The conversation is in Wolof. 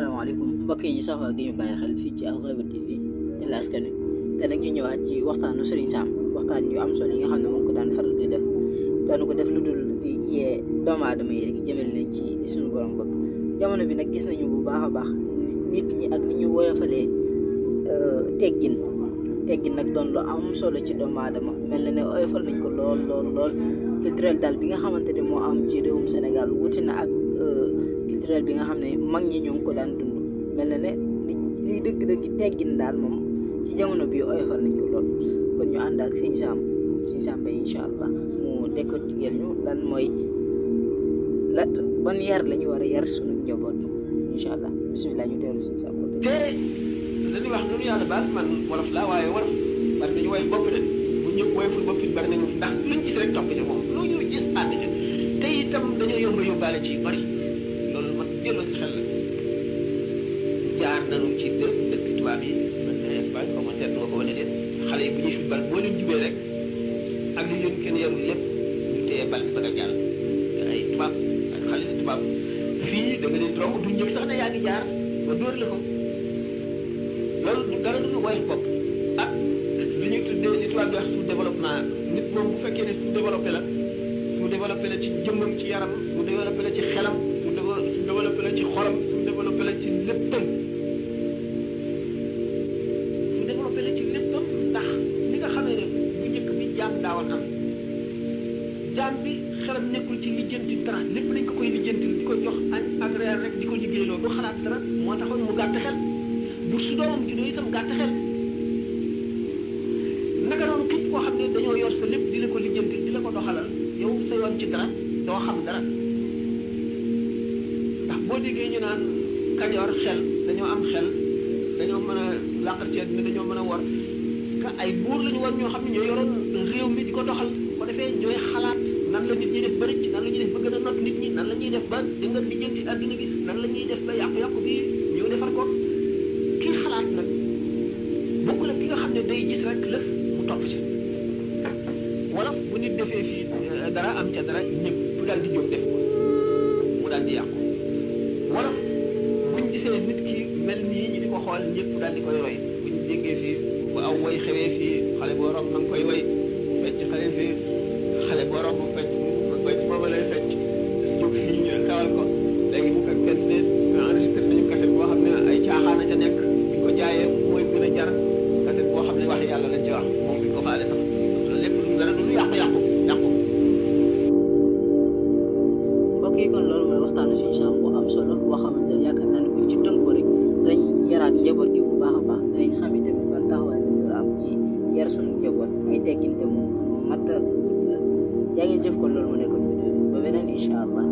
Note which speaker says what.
Speaker 1: asalaamaaleykum mbokk yi ñu sax di xel fii ci Al Haïbou TV di la askan wi te nag ñu ñëwaat ci waxtaanu Serigne Sam waxtaan yu am solo yi nga xam ne moom ko daan faral di def daanu ko def lu dul di yee doomu aadama yi rek jëmale leen ci suñu borom bëgg jamono bi nag gis nañu bu baax a baax nit ñi ak ni ñu woyofalee euh, teggin teggin nag doon lu am solo ci doomu aadama mel na ne oyofal nañ ko lool lool culturel daal bi nga xamante ne moo am ci réewum Sénégal wuti na ak. Euh, culturel bi nga xam ne mag ñi ñoo ko daan dund mel na ne li liy dëgg-dëgg teggin daal moom ci jamono bii oyofal nañ ko lool kon ñu ànd ak sëñ Sam sëñ Sam Mbaye incha allah mu décortiquer ñu lan mooy la ban yar la war a yar sunu njaboot incha wax
Speaker 2: nu baal man wolof laa waaye wolof bari nañu way bopp de ndax luñ gis topp ci moom lu ñu gis ànd ci te itam dañoo yomb yóbbaale ci bari gën a xel jaar nañu ci dëkk dëkk tubaab yi mën na xale yi bu ñuy fi bal boo leen jubee rek ak li leen kenn yarul yëpp ñu téye bal bi bëgg a jàll te ay tubaab xale yi tubaab fii da nga leen romb duñ ñëw sax ne yaa ngi jaar ba dóor la ko loolu ñu dara duñu woyal bopp ak li ñuy tuddee li tubaab bi wax sous développement nit moom bu fekkee ne sous développé la su développé la ci jëmmam ci yaram su développé la ci xelam su développé ci xolam su développé la ci léppam su développé la ci léppam ndax li nga xamee ne bu njëkk bi jaam daawoon am jaam bi xelam nekkul ci lijjanti dara lépp lañ ko koy lijjanti di ko jox añ di ko liggéeyloo du xalaat dara moo taxoon mu gàtt xel bu su doomam juddoo itam gàtt xel naka noonu képp xam ne dañoo yor sa lépp di la xalal yow sa ci dara doo xam boo déggee ñu naan kajoor xel dañoo am xel dañoo mën a làqar ci àdduna dañoo mën a war ka ay buur lañu war ñoo xam ne ñoo yoroon réew mi ko doxal ko defee ñooy xalaat nan la nit ñi def bëri ci nan la ba gën a not nit ñi nan la ñuy def ba dënga lijjanti àdduna bi nan la ñuy def ba yàqu-yàqu bi ñu defar ko kii xalaat nag bokkul ak ki nga xam ne day gis rek lëf bu nit defee fii euh, dara am ca dara ñëpp daal di jóg def ko mu daal di yàqu wala buñ gisee nit ki mel nii ñu di ko xool ñëpp daal di koy roy buñ déggee fii bu aw way xewee fii xale boo romb ma nga koy way fecc xale fii xale boo romb fecc fecc booba lay fecc
Speaker 1: hatta wut la yaa ngi jëf kon loolu mu nekkoon vidéo bi ba beneen incha allah